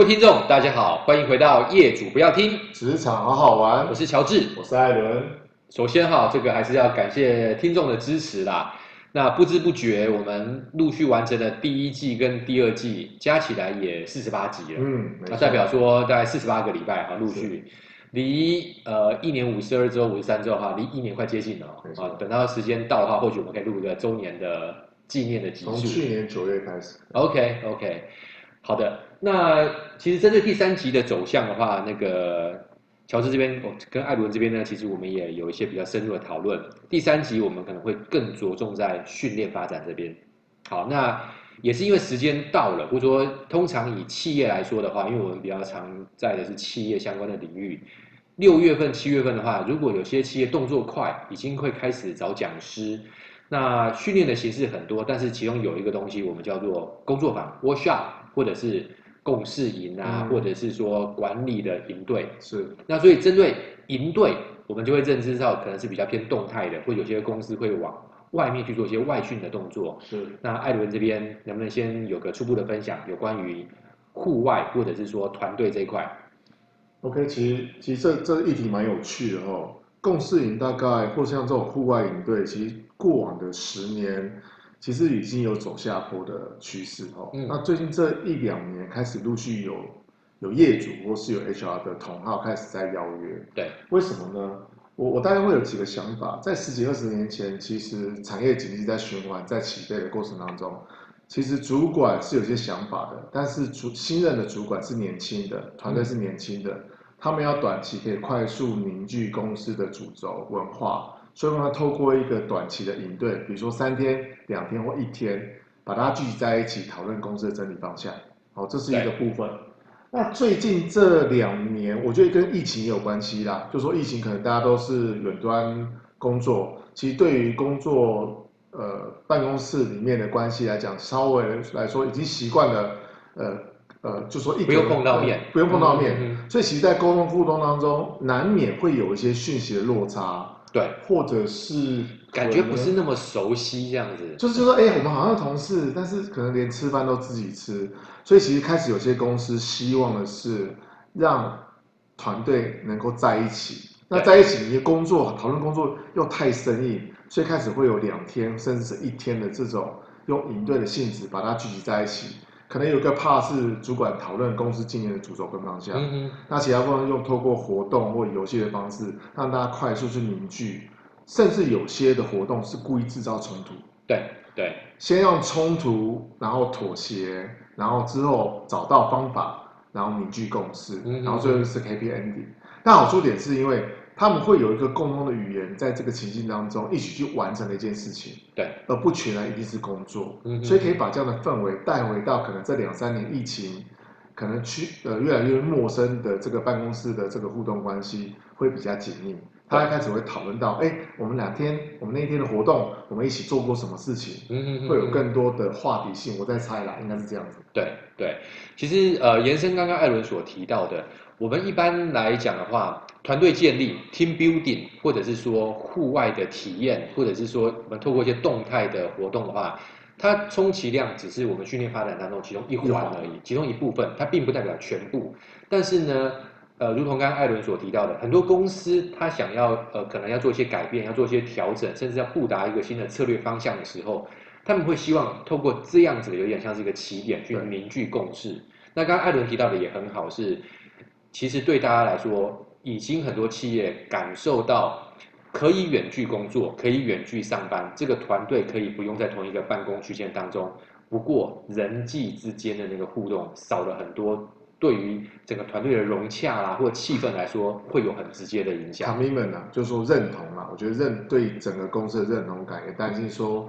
各位聽眾，大家好，歡迎回到《業主不要聽職場好好玩》，我是喬治，我是艾倫。首先哈，這個還是要感謝聽眾的支持啦。那不知不覺，我們陸續完成的第一季跟第二季加起來也四十八集了，嗯，那代表說大概四十八個禮拜啊，陸續離呃一年五十二週、五十三週哈，離一年快接近了啊。等到時間到的話，或許我們可以錄一個週年的紀念的集數。從去年九月開始，嗯，OK OK，好的。那其實針對第三集的走向的話，那個喬治這邊我跟艾倫這邊呢，其實我們也有一些比較深入的討論。第三集我們可能會更着重在訓練發展這邊。好，那也是因為時間到了，或者說通常以企業來說的話，因為我們比較常在的是企業相關的領域。六月份、七月份的話，如果有些企業動作快，已經會開始找講師。那訓練的形式很多，但是其中有一個東西，我們叫做工作坊 （workshop） 或者是。共識營啊，或者是說管理的營隊、嗯、是那，所以針對營隊，我們就會認知到可能是比較偏動態的，或有些公司會往外面去做一些外訓的動作。是那艾倫，艾倫這邊能不能先有個初步的分享，有關於戶外或者是說團隊這一塊？OK，其實其實這這議題蠻有趣的哦。共識營大概或像這種戶外營隊，其實過往的十年。其實已經有走下坡的趨勢哦、嗯。那最近這一兩年開始陸續有有業主或是有 HR 的同號開始在邀約。對，為什麼呢？我我大概會有幾個想法。在十幾二十年前，其實產業經濟在循環在起飛的過程當中，其實主管是有些想法的，但是主新任的主管是年輕的，團隊是年輕的，嗯、他們要短期可以快速凝聚公司的主軸文化。所以，我們要透過一個短期的營隊，比如說三天、兩天或一天，把它聚集在一起討論公司的整理方向。好，這是一個部分。那最近這兩年，我覺得跟疫情也有關係啦。就說疫情可能大家都是遠端工作，其實對於工作呃辦公室裡面的關係來講，稍微來說已經習慣了，呃呃，就說一不用碰到面，不用碰到面。呃、到面嗯嗯嗯，所以，其實，在溝通互動當中，難免會有一些訊息的落差。對，或者是感覺不是那麼熟悉這樣子，就是就是說，哎、欸，我們好像同事，但是可能連吃飯都自己吃，所以其實開始有些公司希望的是讓團隊能夠在一起。那在一起，你的工作討論工作又太生硬，所以開始會有兩天甚至是一天的這種用營隊的性質把它聚集在一起。可能有個 part 是主管討論公司今年的主軸跟方向，嗯，那其他部分用透過活動或遊戲的方式，讓大家快速去凝聚，甚至有些的活動是故意製造衝突，對對，先用衝突，然後妥協，然後之後找到方法，然後凝聚共識，嗯、然後最後是 K P N D。但好處點是因為。他們會有一個共通的語言，在這個情境當中一起去完成的一件事情，對，而不全然一定是工作，嗯，所以可以把這樣的氛圍帶回到可能這兩三年疫情，可能去呃越來越陌生的這個辦公室的這個互動關係會比較緊密，他們開始會討論到，哎，我們兩天，我們那一天的活動，我們一起做過什麼事情，嗯、哼哼會有更多的話題性。我再猜啦，應該是這樣子。對對，其實呃，延伸剛剛艾倫所提到的，我們一般來講的話。團隊建立、team building，或者是說戶外的體驗，或者是說我們透過一些動態的活動的話，它充其量只是我們訓練發展當中其中一環而已，其中一部分，它並不代表全部。但是呢，呃，如同剛剛艾倫所提到的，很多公司他想要呃，可能要做一些改變，要做一些調整，甚至要布達一個新的策略方向的時候，他們會希望透過這樣子的，有點像是一個起點，去凝聚共識。嗯。那剛剛艾倫提到的也很好，是其實對大家來說。已經很多企業感受到可以遠距工作，可以遠距上班，這個團隊可以不用在同一個辦公區間當中。不過人際之間的那個互動少了很多，對於整個團隊的融洽啦、啊、或氣氛來說，會有很直接的影響。他們呢，就是，說認同嘛，我覺得認對整個公司的認同感，也擔心說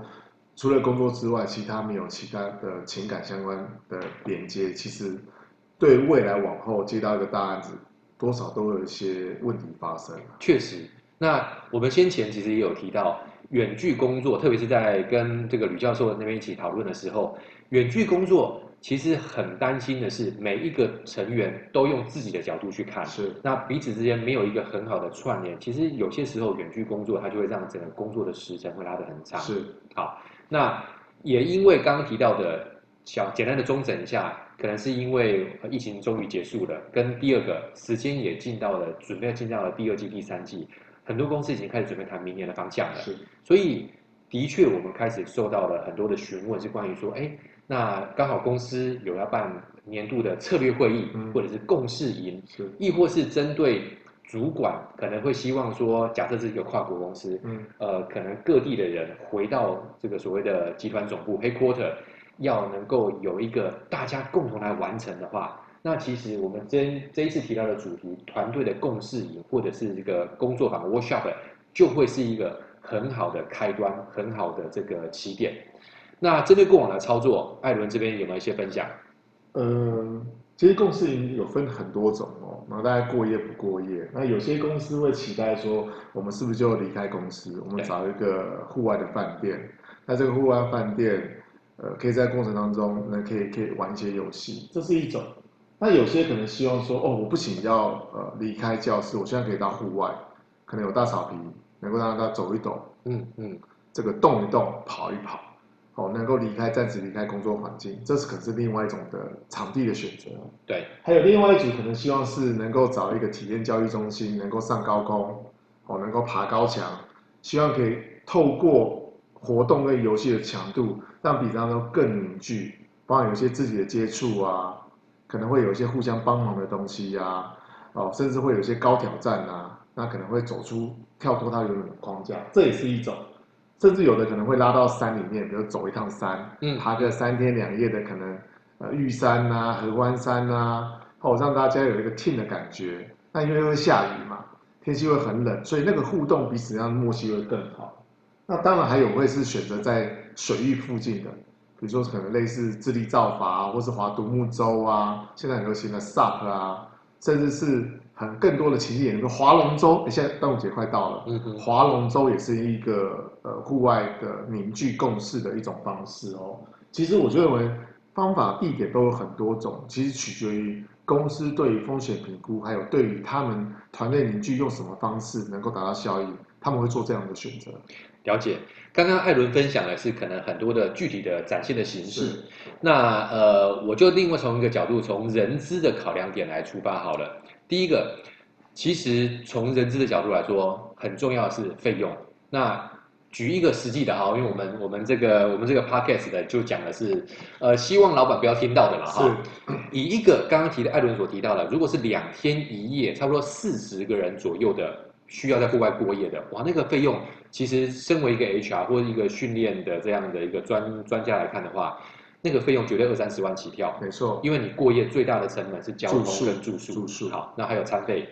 除了工作之外，其他沒有其他的情感相關的連接，其實對未來往後接到一個大案子。多少都有一些問題發生啊。確實，那我們先前其實也有提到遠距工作，特別是在跟這個呂教授那邊一起討論的時候，遠距工作其實很擔心的是每一個成員都用自己的角度去看，是那彼此之間沒有一個很好的串聯。其實有些時候遠距工作，它就會讓整個工作的時程會拉得很長。是好，那也因為剛剛提到的。小簡單的中整一下，可能是因為、呃、疫情終於結束了，跟第二個時間也進到了準備進到了第二季、第三季，很多公司已經開始準備談明年的方向了。是，所以的確我們開始受到了很多的詢問，是關於說，哎，那剛好公司有要辦年度的策略會議，嗯、或者是共識營，亦或是針對主管可能會希望說，假設是一個跨國公司、嗯，呃，可能各地的人回到這個所謂的集團總部 headquarter。要能夠有一個大家共同來完成的話，那其實我們這這一次提到的主題，團隊的共識營或者是一個工作坊 workshop， 就會是一個很好的開端，很好的這個起點。那針對過往的操作，艾倫這邊有沒有一些分享？嗯、呃，其實共識營有分很多種哦，那大概過夜不過夜。那有些公司會期待說，我們是不是就離開公司，我們找一個戶外的飯店？那這個戶外飯店。呃，可以在過程當中，那可以可以玩一些遊戲，這是一種。那有些可能希望說，哦，我不僅要呃離開教室，我現在可以到戶外，可能有大草皮，能夠讓他走一走，嗯嗯，這個動一動，跑一跑，哦，能夠離開暫時離開工作環境，這是可是另外一種的場地的選擇。對，還有另外一組可能希望是能夠找一個體驗教育中心，能夠上高空，哦，能夠爬高牆，希望可以透過。活動跟遊戲的強度，讓比當中更凝聚，包括有些自己的接觸啊，可能會有一些互相幫忙的東西呀、啊，哦，甚至會有一些高挑戰啊，那可能會走出跳脫它原有的框架，這也是一種，甚至有的可能會拉到山裡面，比如走一趟山，嗯，爬個三天兩夜的，可能呃玉山吶、啊、合歡山吶、啊，哦，讓大家有一個 team 的感覺，但因為會下雨嘛，天氣會很冷，所以那個互動比實際上默契會更好。那當然還有會是選擇在水域附近的，比如說可能類似自力造筏，啊，或是划獨木舟啊，現在流行的 SUP 啊，甚至是很更多的奇也能夠划龍舟。你、欸、現在端午節快到了，划龍舟也是一個呃戶外的凝聚共識的一種方式哦。其實我，我認為方法、地點都有很多種，其實取決於公司對於風險評估，還有對於他們團隊凝聚用什麼方式能夠達到效益，他們會做這樣的選擇。了解，剛剛艾倫分享的是可能很多的具體的展現的形式，那呃，我就另外從一個角度，從人資的考量點來出發好了。第一個，其實從人資的角度來說，很重要的是費用。那舉一個實際的哈，因為我們我們這個我們這個 podcast 的就講的是，呃，希望老板不要聽到的了哈。以一個剛剛提的艾倫所提到的，如果是兩天一夜，差不多四十個人左右的。需要在戶外過夜的，哇，那個費用其實，身為一個 HR 或者一個訓練的這樣的一個專專家來看的話，那個費用絕對二三十萬起跳。沒錯，因為你過夜最大的成本是交通跟住宿，住宿，住宿好，那還有餐費。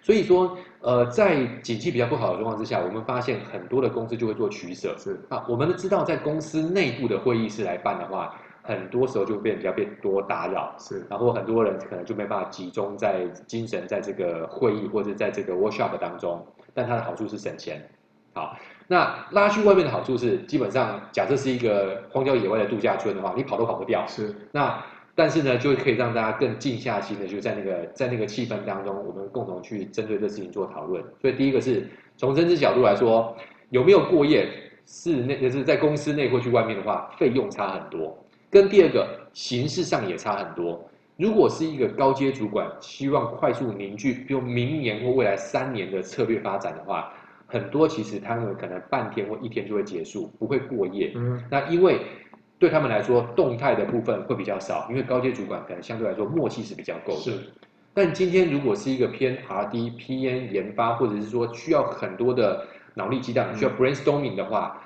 所以說，呃，在景氣比較不好的狀況之下，我們發現很多的公司就會做取舍。是啊，我們都知道，在公司內部的會議室來辦的話。很多時候就被人家比較多打擾，是，然後很多人可能就沒辦法集中在精神在這個會議或者在這個 workshop 當中，但它的好處是省錢，好，那拉去外面的好處是，基本上假設是一個荒郊野外的度假村的話，你跑都跑不掉，是，那但是呢，就可以讓大家更靜下心的，就在那個在那個氣氛當中，我們共同去針對這事情做討論。所以第一個是，從人資角度來說，有沒有過夜，是那就是在公司內或去外面的話，費用差很多。跟第二個形式上也差很多。如果是一個高階主管，希望快速凝聚，比如明年或未來三年的策略發展的話，很多其實他們可能半天或一天就會結束，不會過夜。嗯，那因為對他們來說，動態的部分會比較少，因為高階主管可能相對來說默契是比較夠的。是，但今天如果是一個偏 RDPN 研發，或者是說需要很多的腦力激盪，需要 brainstorming 的話。嗯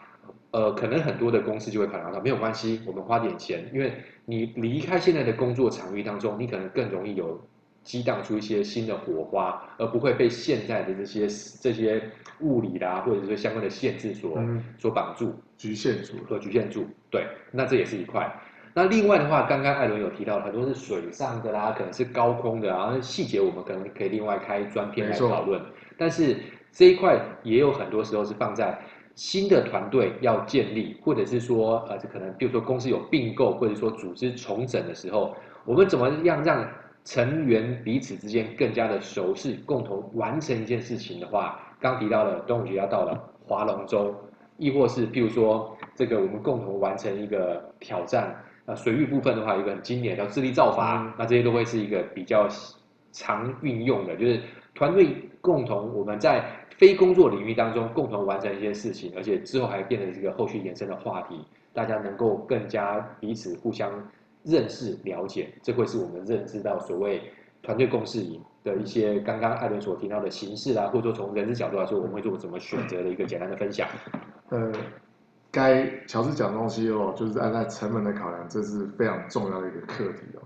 呃，可能很多的公司就會考量到沒有關係，我們花點錢，因為你離開現在的工作場域當中，你可能更容易有激盪出一些新的火花，而不會被現在的這些這些物理啦，或者是說相關的限制所、嗯、所綁住、局限住，對局限住。對，那這也是一塊。那另外的話，剛剛艾倫有提到，很多是水上的啦，可能是高空的，啊，細節我們可能可以另外開專篇來討論。但是這一塊也有很多時候是放在。新的團隊要建立，或者是說，呃，這可能，比如說公司有併購，或者說組織重整的時候，我們怎麼樣讓成員彼此之間更加的熟識，共同完成一件事情的話，剛提到的端午節要到了，划龍舟，亦或是譬如說，這個我們共同完成一個挑戰，啊，水域部分的話，有個很經典的叫智力造筏，那這些都會是一個比較。常運用的就是團隊共同，我們在非工作領域當中共同完成一些事情，而且之後還變成一個後續延伸的話題，大家能夠更加彼此互相認識了解，這會是我們認知到所謂團隊共識營的一些剛剛艾倫所提到的形式啊，或者說從人事角度來說，我們會做怎麼選擇的一個簡單的分享。呃，該喬治講的東西哦，就是按照成本的考量，這是非常重要的一個課題哦。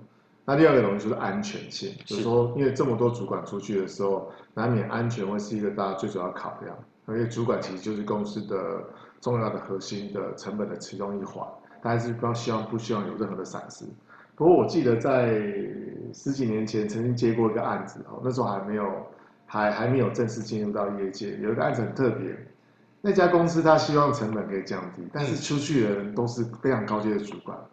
那第二個東西就是安全性，是就是說，因為這麼多主管出去的時候，難免安全會是一個大家最主要考量。而且主管其實就是公司的重要的核心的成本的其中一環，大家是不要希望、不希望有任何的閃失。不過我記得在十幾年前曾經接過一個案子，哦，那時候還沒有還還沒有正式進入到業界，有一個案子很特別，那家公司他希望成本可以降低，但是出去的人都是非常高階的主管。嗯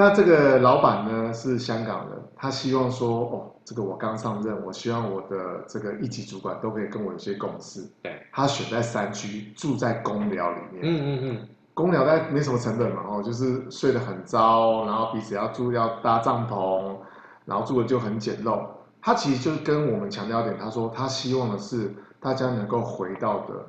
那這個老闆呢是香港人，他希望說，哦，這個我剛上任，我希望我的這個一級主管都可以跟我有些共識。對，他選在山區，住在公寮裡面。嗯嗯嗯，公寮在沒什麼成本嘛，哦，就是睡得很糟，然後彼此要住要搭帳篷，然後住的就很簡陋。他其實就是跟我們強調一點，他說他希望的是大家能夠回到的。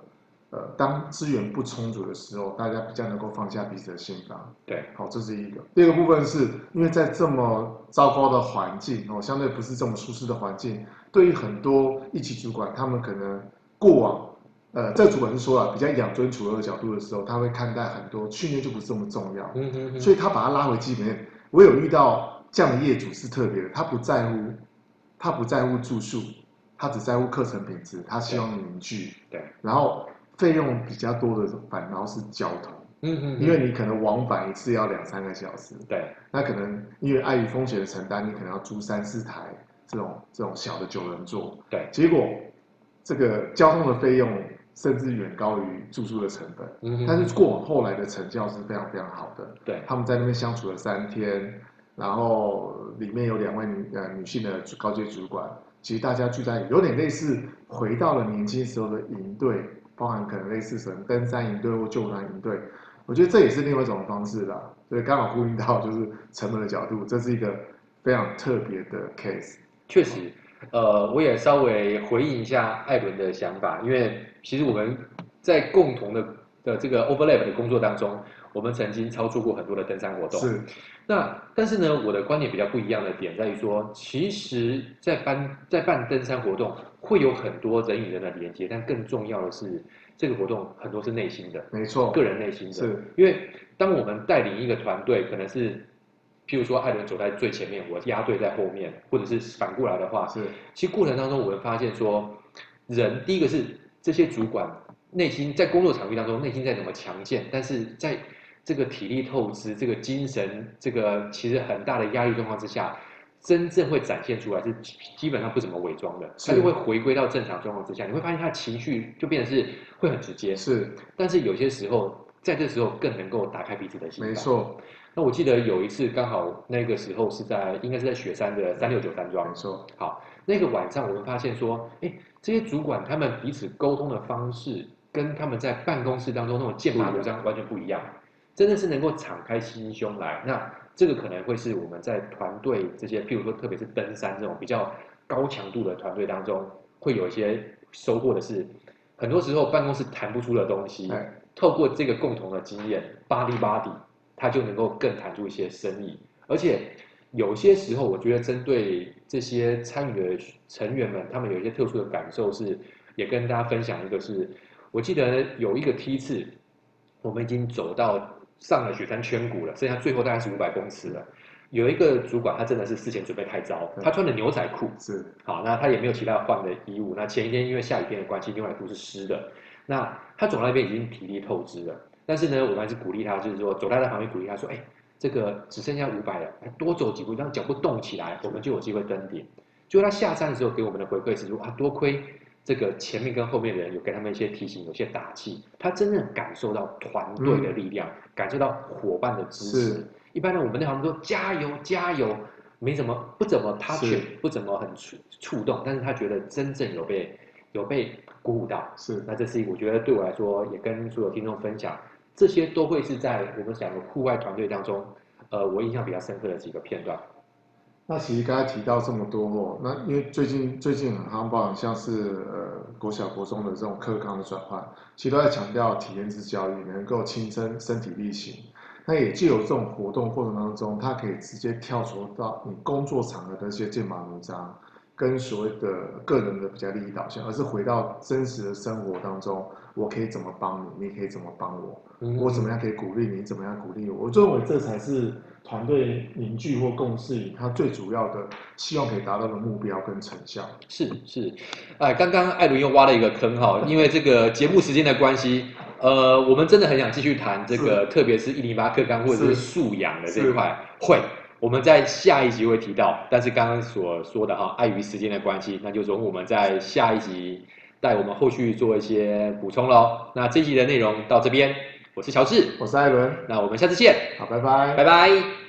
呃、當資源不充足的時候，大家比較能夠放下彼此的心防對，好、哦，這是一個。第二個部分是，因為在這麼糟糕的環境哦，相對不是這麼舒適的環境，對於很多一級主管，他們可能過往，呃，這個、主管是說了比較養尊處優的角度的時候，他會看待很多訓練就不是這麼重要、嗯哼哼。所以他把他拉回基本面。我有遇到這樣的業主是特別的，他不在乎，他不在乎住宿，他只在乎課程品質，他希望凝聚。對，然後。費用比較多的反而是交通，嗯嗯，因為你可能往返一次要兩三個小時，對，那可能因為礙於風險的承擔，你可能要租三四台這種這種小的九人座，對，結果這個交通的費用甚至遠高於住宿的成本，嗯哼、哼，但是過往後來的成效是非常非常好的，對，他們在那邊相處了三天，然後裡面有兩位女呃女性的高階主管，其實大家聚在有點類似回到了年輕時候的營隊。嗯。包含可能類似什麼登山營隊或救難營隊，我覺得這也是另外一種方式啦。所以剛好呼應到就是成本的角度，這是一個非常特別的 case。確實，呃，我也稍微回應一下艾倫的想法，因為其實我們在共同的的這個 overlap 的工作當中。我們曾經操作過很多的登山活動，是。那但是呢，我的觀點比較不一樣的點在於說，其實在，在辦在辦登山活動會有很多人與人的連接，但更重要的是，這個活動很多是內心的，沒錯，個人內心的。是，因為當我們帶領一個團隊，可能是譬如說艾倫走在最前面，我壓隊在後面，或者是反過來的話，是。其實過程當中，我會發現說，人第一個是這些主管內心在工作場域當中內心在怎麼強健，但是在這個體力透支，這個精神，這個其實很大的壓力狀況之下，真正會展現出來是基本上不怎麼偽裝的，他就會回歸到正常狀況之下。你會發現他的情緒就變得是會很直接。是，但是有些時候在這時候更能夠打開彼此的心。沒錯。那我記得有一次，剛好那個時候是在應該是在雪山的三六九山莊。沒錯。好，那個晚上我們發現說，哎，這些主管他們彼此溝通的方式，跟他們在辦公室當中那種劍拔弩張完全不一樣。真的是能夠敞開心胸來，那這個可能會是我們在團隊這些，譬如說，特別是登山這種比較高強度的團隊當中，會有一些收穫的是，很多時候辦公室談不出的東西，透過這個共同的經驗，巴里巴里，他就能夠更談出一些生意。而且有些時候，我覺得針對這些參與的成員們，他們有一些特殊的感受是，是也跟大家分享一個是，是我記得有一個梯次，我們已經走到。上了雪山圈谷了，剩下最後大概是五百公尺了。有一個主管，他真的是事前準備太糟，他穿的牛仔褲是好，那他也沒有其他的換的衣物。那前一天因為下雨天的關係，牛仔褲是濕的。那他走那邊已經體力透支了，但是呢，我還是鼓勵他，就是說走在他旁邊鼓勵他說：“哎，這個只剩下五百了，多走幾步，讓腳步動起來，我們就有機會登頂。”就他下山的時候給我們的回饋是說：“啊，多虧。”這個前面跟後面的人有給他們一些提醒，有些打氣，他真正感受到團隊的力量，嗯、感受到夥伴的支持。一般的我們那行說加油加油，沒怎麼不怎麼 touch 不怎麼很觸觸動，但是他覺得真正有被有被鼓舞到。是。那這是我覺得對我來說，也跟所有聽眾分享，這些都會是在我們整個戶外團隊當中，呃，我印象比較深刻的幾個片段。那其實剛才提到這麼多，那因為最近最近很多很像是呃國小國中的這種課綱的轉換，其實都在強調體驗式教育，能夠親身身體力行。那也就有這種活動過程當中，他可以直接跳脫到你工作場合的一些劍拔弩張，跟所謂的個人的比較利益導向，而是回到真實的生活當中，我可以怎麼幫你，你可以怎麼幫我。嗯嗯，我怎麼樣可以鼓勵你，怎麼樣鼓勵我，我認為、嗯、這才是團隊凝聚或共識，它最主要的希望可以達到的目標跟成效。是是，哎，剛剛艾倫又挖了一個坑哈，因為這個節目時間的關係， 呃，我們真的很想繼續談這個，特別是一零八課綱或者是素養的這一塊會。我們在下一集會提到，但是剛剛所說的哈、啊，礙於時間的關係，那就容我們在下一集帶我們後續做一些補充嘍。那這一集的內容到這邊，我是喬治，我是艾倫，那我們下次見。好，拜拜，拜拜。